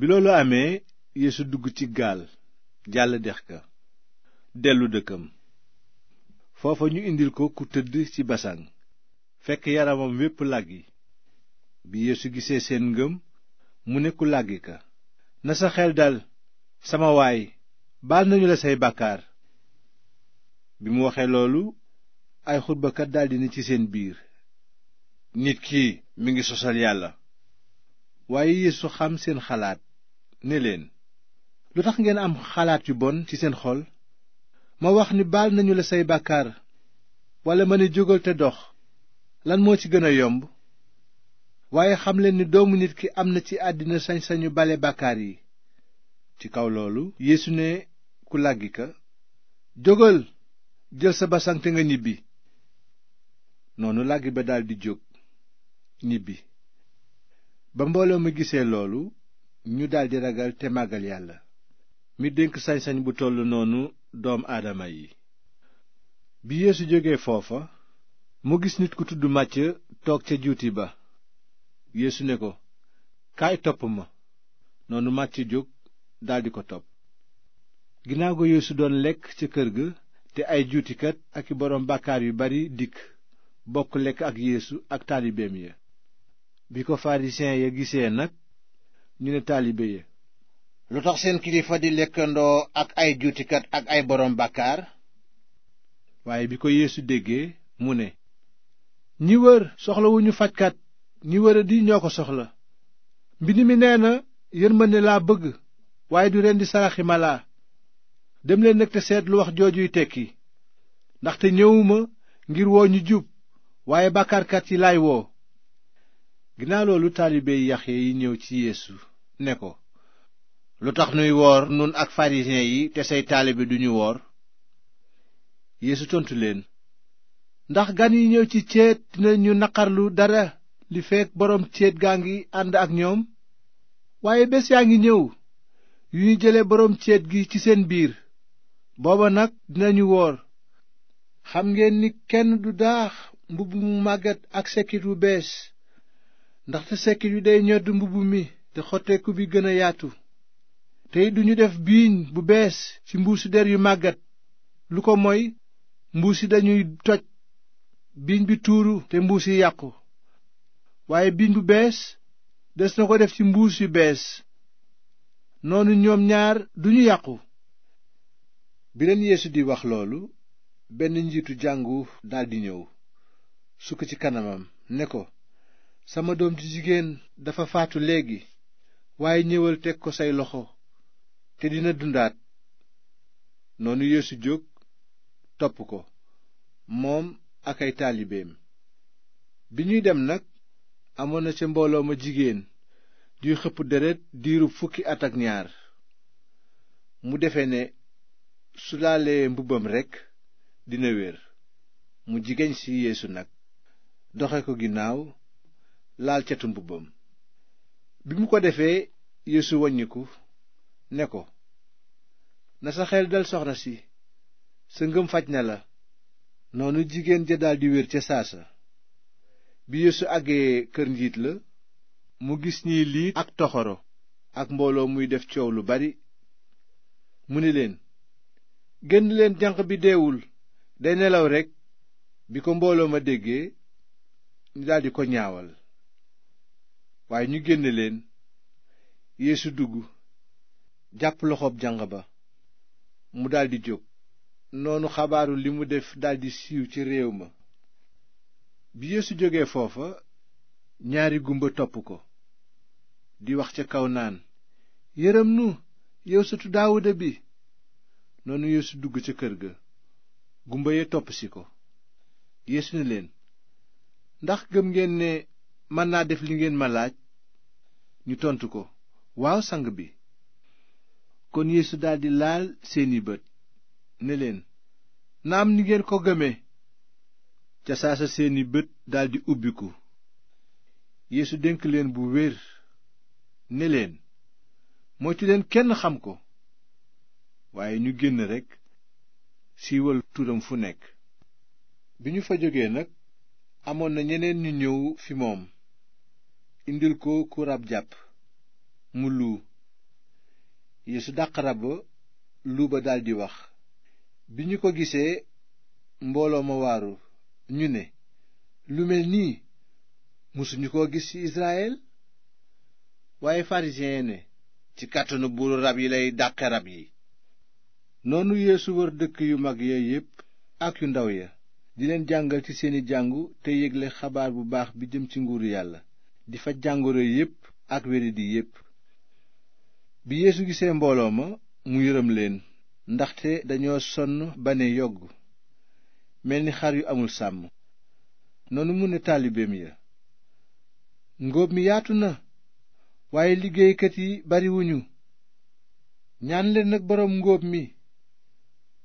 bi loolu amee Yeesu dugg ci gaal jàll dex ka dellu dëkkam foofa ñu indil ko ku tëdd ci basaŋ fekk yaramam wépp làggi bi Yeesu gisee seen ngëm mu ne ku làggi ka na sa xel dal sama waay baal nañu la say bàkkaar bi mu waxee loolu ay xutbakat daldi ne ci seen biir nit ki mu ngi sosal yàlla waaye Yeesu xam seen xalaat ne leen lu tax ngeen am xalaat yu bon ci seen xol ma wax ni baal nañu la say bàkkaar walla ma ne jógal te dox lan moo ci gën a yomb waaye xam leen ni doomu nit ki am na ci àddina sañ-sañu bale bàkkaar yi ci kaw loolu Yeesu ne ku làggi ka jógal jël sa basang te nga ñibbi noonu làggi ba daldi jóg ñibbi ba mbooloo ma gisee loolu ñu daldi ragal te màggal yàlla mi dénk sañ-sañ bu toll noonu doom aadama yi bi yeesu jógee foofa mu gis nit ku tudd màcc toog ca juuti ba yeesu ne ko kaay topp ma noonu màcc jóg daldi ko topp ginnaaw ga yeesu doon lekk ca kër ga te ay juutikat ak i boroom bàkkaar yu bari dikk bokk lekk ak yeesu ak taalibeem ya bi ko farisiyen ya gisee nag ñu ne taalibe ya lu tax seen kilifa di lekkandoo ak ay juutikat ak ay boroom bàkkaar waaye bi ko yeesu déggee mu ne ñi wër soxlawuñu fajkat ñi wëradi ñoo ko soxla mbind mi nee na yërmande laa bëgg waaye du di saraxi malaa demleen nag te seet lu wax joojuy tekki ndaxte ñëwuma ngir woo ñu jub waaye bàkkaarkat yi lay woo ginnaaw loolu taalibe Yaxya yi ñëw ci ne ko lu tax nuy woor nun ak farisiyen yi te say taalibe duñu woor yéesu tontu leen ndax gan yi ñëw ci céet dinañu naqarlu dara li fekk boroom céet gaa ngi ànd ak ñoom waaye bés yaa ngi ñëw yu ñu jële boroom céet gi ci seen biir booba nag dinañu woor xam ngeen ni kenn du daax mbubb mu màggat ak sekkit wu bees ndaxte sekkit wi day ñodd mbubb mi te xotteeku bi gën a yaatu tey duñu def biiñ bu bees ci mbuusu der yu màggat lu ko moy mbuus yi dañuy toj biiñ bi tuuru te mbuus yi yàqu waaye biiñ bu bees des na ko def ci mbuus yu bees noonu ñoom ñaar duñu yàqu bi leen di wax loolu benn njiitu jàngu daldi ñëw sukk ci kanamam ne ko sama doom ji jigéen dafa faatu léegi waaye ñëwal teg ko say loxo te dina dundaat noonu Yeesu jóg topp ko moom ak ay taalibeem bi ñuy dem nag amoon na ca mbooloo ma jigéen juy xëpp deret diiru fukki at ak ñaar mu defe ne su laalee mbubbam rekk dina wér mu jigéen ci yéesu nag doxe ko ginnaaw laal catu mbubbam bi mu ko defee yeesu waññiku ne ko na sa xel dal soxna si sa ngëm faj na la noonu jigéen ja daldi wér ca saasa bi yeesu àggee kër njiit la mu gis ñiy liit ak toxoro ak mbooloo muy def coow lu bari mu ni leen génn leen janq bi deewul day nelaw rekk bi ko mbooloo ma déggee ñu daldi ko ñaawal waaye ñu génne leen yéesu dugg jàpp loxoob janq ba mu daldi jóg noonu xabaaru li mu def daldi siiw ci réew ma bi yeesu jógee foofa ñaari gumba topp ko di wax ca kaw naan yërëm nu yow sëtu daawuda bi noonu yeesu dugg ca kër ga gumba ya topp si ko yeesu ne leen ndax gëm ngeen ne mën naa def li ngeen ma laaj ñu tontu ko waaw sang bi kon yeesu daldi laal seeni bët ne leen naam ni ngeen ko gëme ca saasa seeni bët daldi ubbiku yéesu denk leen bu wér ne leen moytu leen kenn xam ko waaye ñu génn rekk siiwal turam fu nekk bi ñu fa jógee nag amoon na ñeneen ñu ñëw fi moom indil ko ku rab jàpp mu luu yéesu dàq rab ba luu ba daldi wax bi ñu ko gisee mbooloo ma waaru ñu ne lu mel nii mësuñu koo gis ci Israël waaye farisiyen ne ci kàttanu buuru rab yi lay dàqe rab yi noonu yeesu wër dëkk yu mag ya yépp ak yu ndaw ya di leen jàngal ci seeni jàngu te yëgle xabaar bu baax bi jëm ci nguuru yàlla di fa jàngoro yépp ak wéradi yépp bi yeesu gisee mbooloo ma mu yërëm leen ndaxte dañoo sonn ba ne yogg mel ni xar yu amul sàmm noonu mu ne taalibeem ya ngóob mi yaatu na waaye liggéeykat yi bariwuñu ñaan leen nag boroom ngóob mi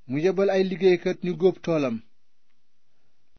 mu yebal ay liggéeykat ñu góob toolam